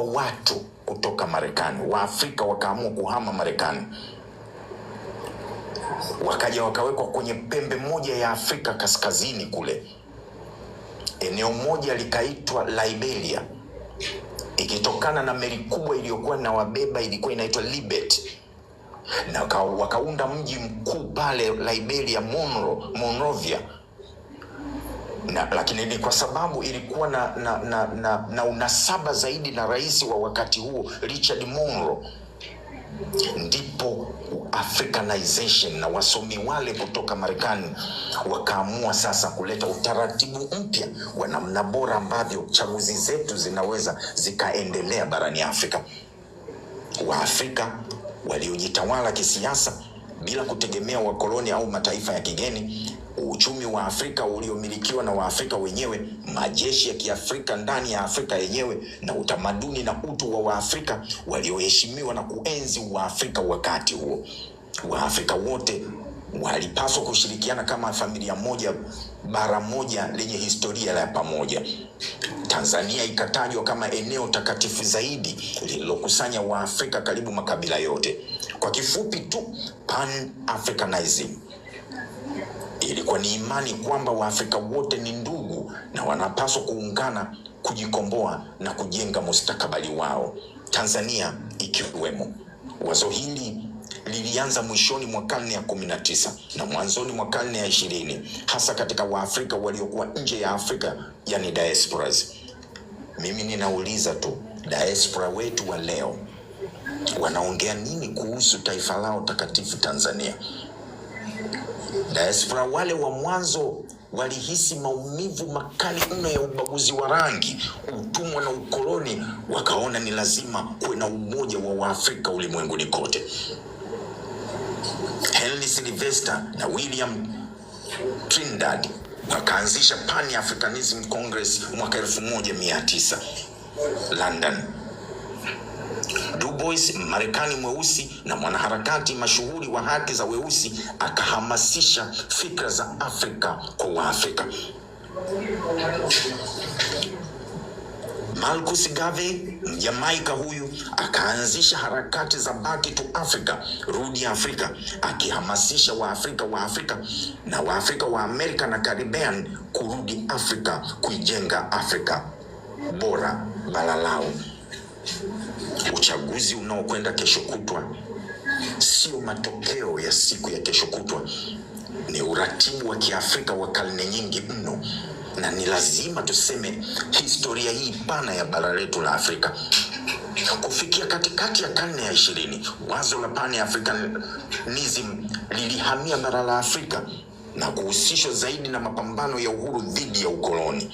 watu kutoka Marekani, Waafrika wakaamua kuhama Marekani, wakaja wakawekwa kwenye pembe moja ya Afrika kaskazini kule. Eneo moja likaitwa Liberia, ikitokana na meli kubwa iliyokuwa na wabeba ilikuwa inaitwa Libet, na wakaunda mji mkuu pale Liberia, Monrovia na, lakini ni kwa sababu ilikuwa na, na, na, na, na unasaba zaidi na rais wa wakati huo Richard Munro ndipo Africanization na wasomi wale kutoka Marekani wakaamua sasa kuleta utaratibu mpya wa namna bora ambavyo chaguzi zetu zinaweza zikaendelea barani Afrika. Waafrika waliojitawala kisiasa bila kutegemea wakoloni au mataifa ya kigeni uchumi wa Afrika uliomilikiwa na Waafrika wenyewe, majeshi ya Kiafrika ndani ya Afrika yenyewe, na utamaduni na utu wa Waafrika walioheshimiwa na kuenzi Waafrika wakati huo. Waafrika wote walipaswa kushirikiana kama familia moja, bara moja lenye historia la pamoja. Tanzania ikatajwa kama eneo takatifu zaidi lililokusanya Waafrika karibu makabila yote. Kwa kifupi tu, Pan Africanism ilikuwa ni imani kwamba Waafrika wote ni ndugu na wanapaswa kuungana kujikomboa na kujenga mustakabali wao, Tanzania ikiwemo. Wazo hili lilianza mwishoni mwa karne ya 19 na mwanzoni mwa karne ya ishirini, hasa katika Waafrika waliokuwa nje ya Afrika, yani diasporas. Mimi ninauliza tu, diaspora wetu wa leo wanaongea nini kuhusu taifa lao takatifu Tanzania? Diaspora wale wa mwanzo walihisi maumivu makali mno ya ubaguzi wa rangi, utumwa na ukoloni, wakaona ni lazima kuwe na umoja wa Waafrika ulimwenguni kote. Henry Sylvester na William Trindad wakaanzisha Pan Africanism Congress mwaka 1900 London. Dubois, Marekani mweusi na mwanaharakati mashuhuri wa haki za weusi, akahamasisha fikra za Afrika kwa Waafrika. Marcus Garvey Mjamaika huyu akaanzisha harakati za Back to Africa, rudi Afrika, akihamasisha Waafrika wa Afrika na Waafrika wa Amerika na Caribbean kurudi Afrika, kuijenga Afrika bora balalao uchaguzi unaokwenda kesho kutwa sio matokeo ya siku ya kesho kutwa, ni uratibu wa Kiafrika wa karne nyingi mno, na ni lazima tuseme historia hii pana ya bara letu la Afrika. Kufikia katikati ya karne ya ishirini, wazo la Pan Africanism lilihamia bara la Afrika na kuhusishwa zaidi na mapambano ya uhuru dhidi ya ukoloni.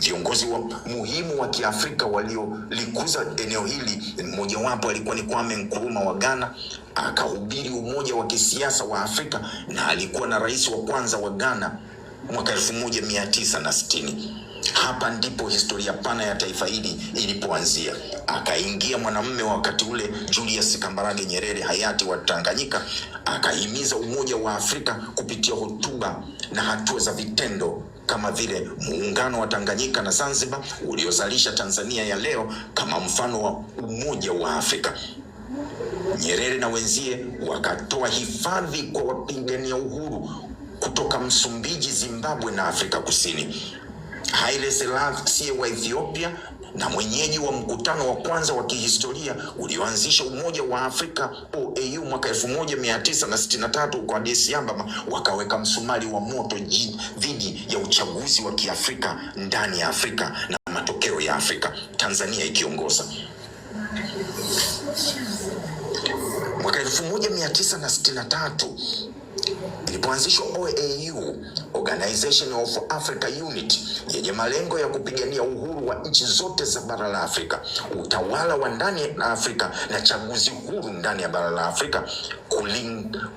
Viongozi wa muhimu wa Kiafrika waliolikuza eneo hili, mmojawapo alikuwa ni Kwame Nkrumah wa Ghana, akahubiri umoja wa kisiasa wa Afrika na alikuwa na rais wa kwanza wa Ghana mwaka 1960. Hapa ndipo historia pana ya taifa hili ilipoanzia. Akaingia mwanamume wa wakati ule Julius Kambarage Nyerere, hayati wa Tanganyika, akahimiza umoja wa Afrika kupitia hotuba na hatua za vitendo kama vile muungano wa Tanganyika na Zanzibar uliozalisha Tanzania ya leo kama mfano wa umoja wa Afrika. Nyerere na wenzie wakatoa hifadhi kwa wapigania uhuru kutoka Msumbiji, Zimbabwe na Afrika Kusini. Haile Selassie wa Ethiopia na mwenyeji wa mkutano wa kwanza wa kihistoria ulioanzisha Umoja wa Afrika OAU mwaka 1963 huko Addis Ababa, wakaweka msumari wa moto dhidi ya uchaguzi wa Kiafrika ndani ya Afrika na matokeo ya Afrika, Tanzania ikiongoza. Mwaka 1963 Ilipoanzishwa OAU, Organization of Africa Unit, yenye malengo ya kupigania uhuru wa nchi zote za bara la Afrika, utawala wa ndani la Afrika na chaguzi huru ndani ya bara la Afrika,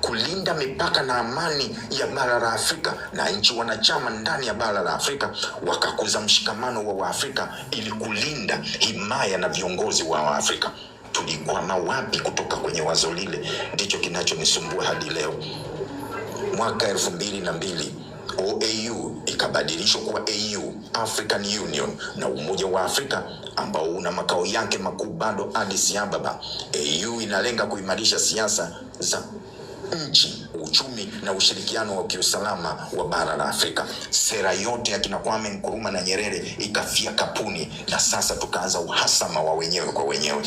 kulinda mipaka na amani ya bara la Afrika na nchi wanachama ndani ya bara la Afrika, wakakuza mshikamano wa Waafrika ili kulinda himaya na viongozi wa Waafrika. Tulikwama wapi kutoka kwenye wazo lile? Ndicho kinachonisumbua hadi leo mwaka elfu mbili na mbili OAU ikabadilishwa kuwa AU, African Union, na Umoja wa Afrika ambao una makao yake makuu bado Addis Ababa. AU inalenga kuimarisha siasa za nchi, uchumi na ushirikiano wa kiusalama wa bara la Afrika. Sera yote ya kina Kwame Nkrumah na Nyerere ikafia kapuni, na sasa tukaanza uhasama wa wenyewe kwa wenyewe.